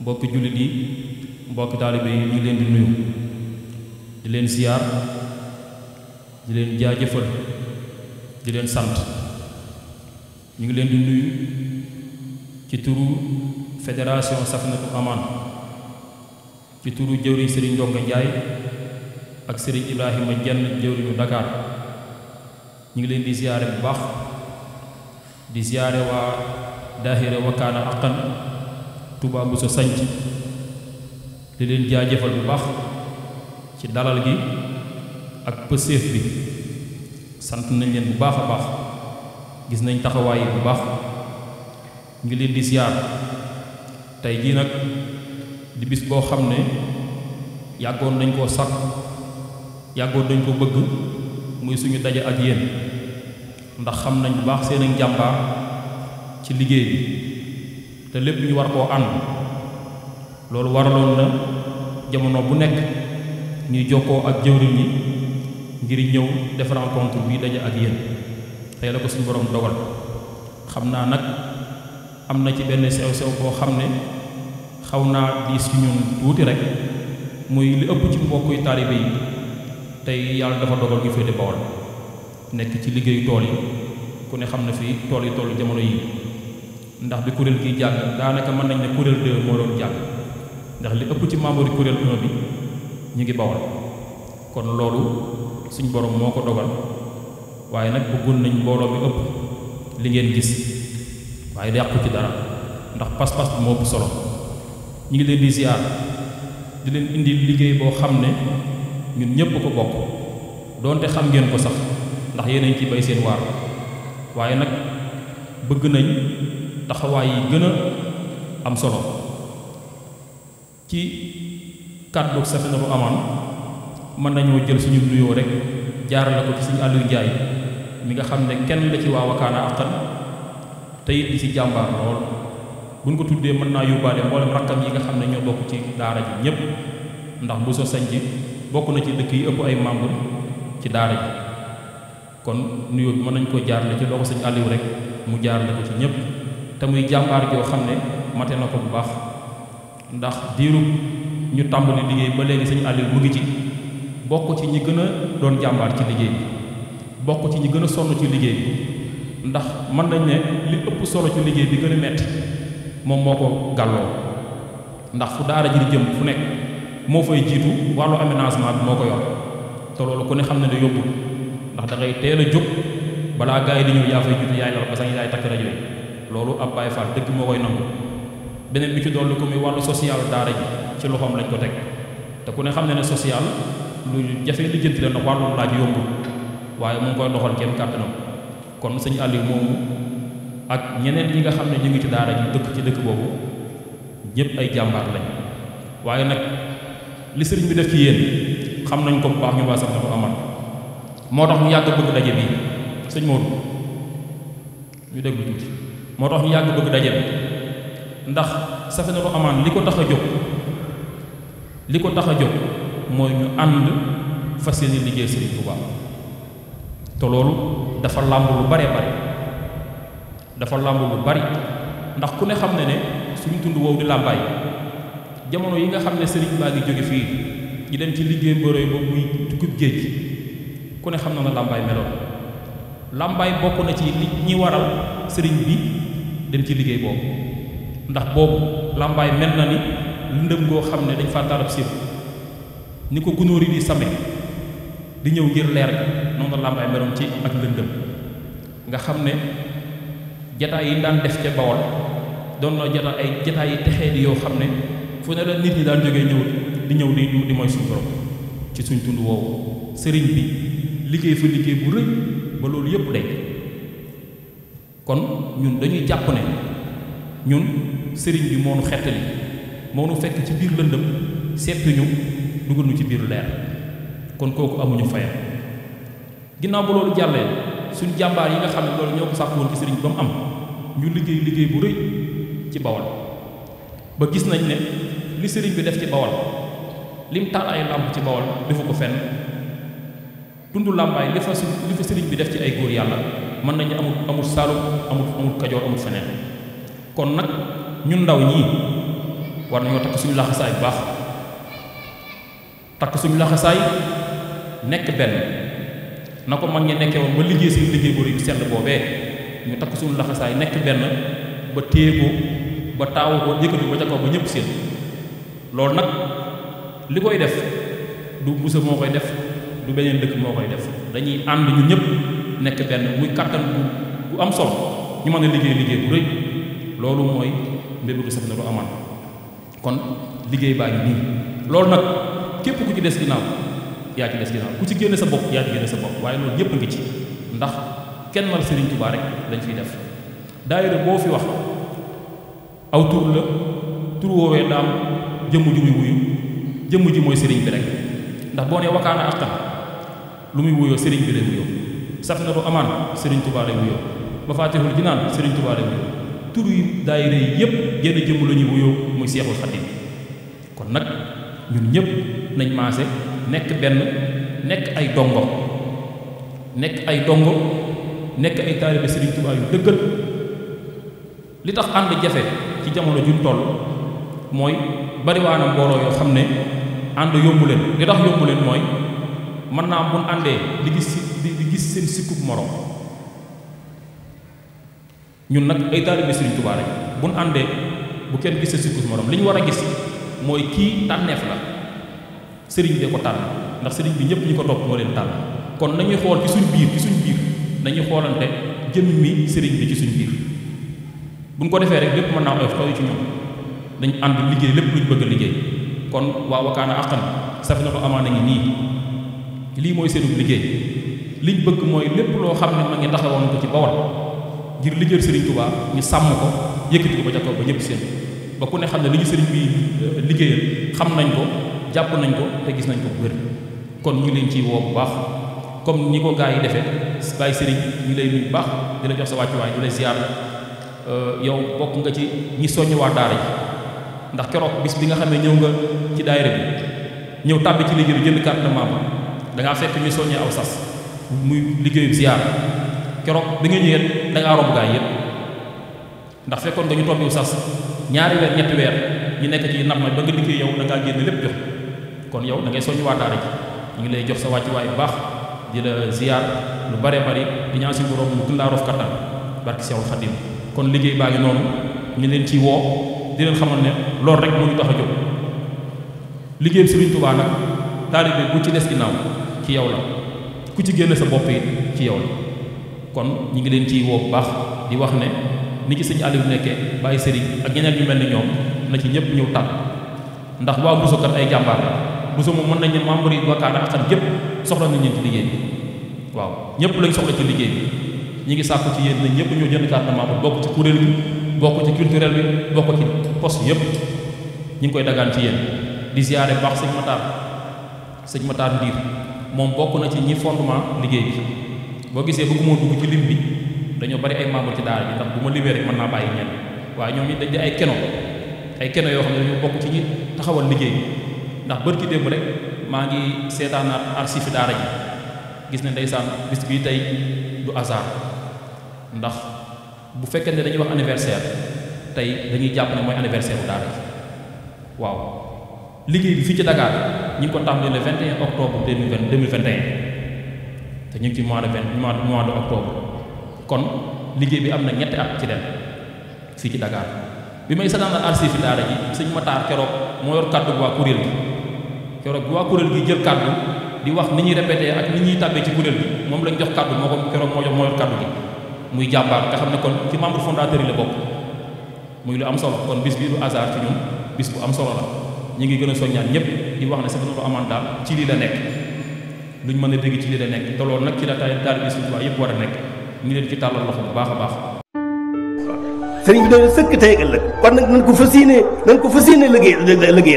mbokki jullit yi mbokki taalibe yi ñu leen di nuyu di leen siyaar di leen jaajëfal di leen sant ñu ngi leen di nuyu ci turu fédération Safinatul Amaan ci turu jëwriñ Serigne Ndonga ak sëriñ Ibrahima Jenn jëwriñu Dakar ñu ngi leen di siyaare bu baax di siyaare waa daahira Wakana Haqqan Touba Moussa sanc di leen jaajëfal bu baax ci dalal gi ak pëseef bi sant nañ leen bu baax a baax gis nañ taxawaay bu baax ngi leen di tey jii nag di bis boo xam ne yàggoon dañ koo sàkk yàggoon dañ ko bëgg muy suñu daje ak yéen ndax xam nañ bu baax seen njàmbaar ci liggéey bi te lépp ñu war koo ànd loolu waraloon na jamono bu nekk ñuy jokkoo ak jëwriñ ñi ngir ñëw def rencontre bi daje ak yéen tey la ko suñu borom dogal xam naa nag am na ci benn sew sew boo xam ne xaw naa diis ci ñun tuuti rek muy li ëpp ci mbokkuy taalibe yi tey yàlla dafa dogal ñu féete Bawol nekk ci liggéeyu tool yi ku ne xam na fi tool yi jamono yii ndax bi kuréel gi jàng daanaka mën nañ ne kuréel 2 moo doon jàng ndax li ëpp ci membre yi kuréel 1 bi ñu ngi bawal kon loolu suñ borom moo ko dogal waaye nag bëggoon nañ mbooloo mi ëpp li ngeen gis waaye yàqu ci dara ndax pas-pas bi moo bu solo ñu ngi leen di ziar di leen indi liggéey boo xam ne ñun ñëpp ko bokk doonte xam ngeen ko sax ndax yéen a ciy bay seen waar waaye nag bëgg nañ. taxawaay yi gën am solo ci kàddu Safinatoul Amaan mën nañoo jël suñu nuyoo rek jaar jaarale ko ci suñu Aliou Ndiaye bi nga xam ne kenn la ci waa Wakana Haqqan te it di ci jàmbaar lool buñ ko tuddee mën naa yóbbaale mboolem rakkam yi nga xam ne ñoo bokk ci daara ji ñépp ndax bu soo sañ ji bokk na ci dëkk yi ëpp ay membre ci daara ji kon nuyoo bi mën nañ ko jaarale ci loxo sëñ Aliou rek mu jaarale ko ci ñépp te muy jàmbaar joo xam ne mate na ko bu baax ndax diiru ñu tàmbali liggéey ba léegi sëñ Aliou mu ngi ci bokk ci ñi gën a doon jàmbaar ci liggéey bi bokk ci ñi gën a sonn ci liggéey ndax mën nañ ne li ëpp solo ci liggéey bi gën a metti moom moo ko gàlloo ndax fu daara ji di jëm fu nekk moo fay jiitu wàllu aménagement bi moo ko yor te loolu ne xam ne da yóbbul ndax da ngay teel a jóg balaa gars yi di ñëw yaa fay jiitu yaay lor ba sax yaay takk rajo loolu ab Baay Faal dëgg moo koy nangu beneen bi ci dolli ko muy wàllu social daara ji ci loxoom lañ ko teg te ku ne xam ne ne social lu jafe lijjanti la ndax wàllu laaj yombul waaye mu ngi koy doxal kenn kàttanam kon sëñ Aliou moomu ak ñeneen yi nga xam ne ñu ngi ci daara ji dëkk ci dëkk boobu ñëpp ay jàmbaar lañ waaye nag li sëriñ bi def ci yéen xam nañ ko bu baax ñu waa sax dafa amal moo tax mu yàgg bëgg daje bii sëñ Modou ñu déglu moo tax ñu yàgg bëgg dajeel ndax Safinatoul Amane li ko tax a jóg li ko tax a jóg mooy ñu ànd fas yéene liggéey Serigne Touba te loolu dafa làmb lu bare bari dafa làmb lu bari ndax ku ne xam ne ne suñu tund wow di làmbaay jamono yi nga xam ne Serigne baa ngi jóge fii di dem ci liggéey mbërëy ba muy tukkib géej ku ne xam na na làmbaay meloon làmbaay bokk na ci li ñi waral sëriñ bi dem ci liggéey boobu ndax boobu làmbaay mel na ni lëndëm goo xam ne dañ faa taal ab siiw ni ko gunóor yi di same di ñëw ngir leer ga noonu la làmbaay meloon ci ak lëndëm nga xam ne jataay yi daan def ca bawol doon na jataay ay jataay yi texee di yoo xam ne fu ne la nit ñi daan jóge ñëw di ñëw di di mooy suñu borom ci suñ tund woowu sëriñ bi liggéey fa liggéey bu rëy ba loolu yëpp day kon ñun dañuy jàpp ne ñun sëriñ bi moo nu xettali moo fekk ci biir lëndëm seetlu ñu dugal ñu ci biir leer kon kooku amuñu fayam ginnaaw ba loolu jàllee suñu jàmbaar yi nga xam ne loolu ñoo ko sàkk woon ci sëriñ bi am ñu liggéey liggéey bu rëy ci bawal ba gis nañ ne li sëriñ bi def ci bawal lim taal ay làmp ci bawal defu ko fenn tund làmbaay li fa li fa sëriñ bi def ci ay góor yàlla mën nañu amul amul Saalum amul amul Kajoor kon nag ñun ndaw ñii war nañoo takk suñu laxasaay bu baax takk suñu laxasaay nekk benn na ko mag ñi nekkee woon ba liggéey seen liggéey bu rëy bu sell boobee ñu takk suñu laxasaay nekk benn ba téye ba taawu ko yëkkati ba ca ba ñëpp seen loolu nag li koy def du Mbuusa moo koy def du beneen dëkk moo koy def dañuy ànd ñun ñëpp. nekk benn muy kattan bu bu am solo ñu mën a liggéey liggéey bu rëy loolu mooy mbébétu saf na lu amaan kon liggéey baa nii loolu nag képp ku ci des ginnaaw yaa ci des ginnaaw ku ci génne sa bopp yaa ci génne sa bopp waaye loolu ñëpp a ngi ci ndax kenn kennal sëriñ Touba rek lañ fiy def daayira boo fi wax aw tur la tur woowee daam jëmm ju muy wuyu jëmm ji mooy sëriñ bi rek ndax boo nee wakkaana ak lu muy wuyoo sëriñ bi lay wuyoo Safinatul Amaan Serigne Touba lay wuyoo Mafatihul Jinaan Serigne Touba lay wuyoo tur yi daayira yi yëpp génn jëmm la ñuy wuyoo muy Seexul Xadiim kon nag ñun ñëpp nañ maase nekk benn nekk ay dongo nekk ay dongo nekk ay taalibe Serigne Touba yu dëggal li tax ànd jafe ci jamono juñ toll mooy bariwaana mbooloo yoo xam ne ànd yóbbu li tax yóbbu mooy mën naa mun àndee li gis gis seen sikkub morom ñun nag ay taalibe Sëriñ Tuubaa rek bu àndee bu kenn gis sa sikkub morom li ñu war a gis mooy kii tànneef la sëriñ bee ko tànn ndax sëriñ bi ñëpp ñi ko topp moo leen tànn kon nañuy xool ci suñ biir ci suñ biir nañuy xoolante jëmmi sëriñ bi ci suñ biir bu ñu ko defee rek lépp mën naa oyof taw ci ñoom dañ ànd liggéey lépp luñ bëgg a liggéey kon waa wakaana àqan safinatu amaana ngi nii lii mooy seenu liggéey liñ bëgg mooy lépp loo xam ne ma ngi taxawoon ko ci bawal ngir liggéeyal Serigne Touba ñu sàmm ko yëkkati ko ba ca kaw ba ñëpp seen ba ku ne xam ne li ñu Serigne bi euh, liggéeyal xam nañ ko jàpp nañ ko te gis nañ ko bu wér kon ñu ngi leen ciy woo bu baax comme ni ko gaa yi defee bàyyi Serigne ñu lay nuyu bu baax di la jox sa wàccuwaay di la ziar euh, yow bokk nga ci ñi soññ waa yi ndax keroog bis bi nga xam ne ñëw nga ci daayira bi ñëw tàbbi ci liggéey bi jënd carte de membre dangaa ñu soññee aw sas muy liggéeyu ziar keroog bi nga ñëwee da ngaa romb gaay yëpp ndax fekkoon nga ñu toog sas ñaari weer ñetti weer ñu nekk ci nam na ba nga liggéey yow da ngaa génn lépp jox kon yow da ngay soññu waa daara ji ñu ngi lay jox sa wàccuwaay bu baax di la ziar lu bare bari di ñaan si borom mu gën laa rof kattan barki Seexul Xadim kon liggéey baa ngi noonu ñu leen ci woo di leen xamal ne loolu rek moo ñu tax a jóg liggéey Sëriñ Tuubaa nag taalibe bu ci des ci yow la ku ci génne sa bopp ci yow la kon ñi ngi leen ciy woo bu baax di wax ne ni ci sëñ Aliou nekkee bàyyi sëriñ ak ñeneen ñu mel ni ñoom na ci ñëpp ñëw tànn ndax waa Bousso kat ay jàmbaar la Bousso moom mën nañ ne membre yi Wakana ak xan yëpp soxla nañ ñu ci liggéey bi waaw ñëpp lañ soxla ci liggéey bi ñi ngi sàkku ci yéen nañ ñëpp ñoo jënd carte membre bokk ci kuréel bi bokk ci culturel bi bokk ci poste yëpp ñu ngi koy dagaan ci yéen di ziyaare baax sëñ Matar sëñ Matar Ndiir moom bokk na ci ñi fondement liggéey bi boo gisee bëgguma dugg ci lim bi dañoo bari ay membre ci daara bi ndax bu ma limee rek mën naa bàyyi ñenn waaye ñoom it dañ di ay keno ay keno yoo xam ne dañu bokk ci ñi taxawal liggéey bi ndax ci démb rek maa ngi seetaanaat archive daara ji gis ne ndeysaan bis bii tey du hasard ndax bu fekkee ne dañuy wax anniversaire tey dañuy jàpp ne mooy anniversaire daara ji waaw liggéey bi fii ci Dakar ñi ngi ko tàmbali le 21 octobre 2021 te ñu ngi ci mois de vingt mois de octobre kon liggéey bi am na ñetti at ci dem fii ci Dakar bi may seetaan arsif yi daara ji sëñ Matar keroog moo yor kàddu bu waa kuréel gi keroog bu waa kuréel gi jël kàddu di wax ni ñuy répété ak ni ñuy tàbbee ci kuréel gi moom lañu jox kàddu moo ko keroog moo jox moo yor kàddu gi muy jàmbaar nga xam ne kon ci membre fondateur yi la bokk muy lu am solo bi du hasard bis bu am solo ñu ngi gën a soññaan ñëpp di wax ne Safinatoul Aman daal ci lii la nekk luñ mën a dégg ci lii la nekk te loolu nag ci la taay daal bi suñu Tuubaa yëpp war a nekk ñu leen ci tàllal loxo bu baax a baax. sëriñ bi dañu sëkk tey ëllëg kon nag nañ ko fas yéene nañ ko fas yéene liggéey liggéey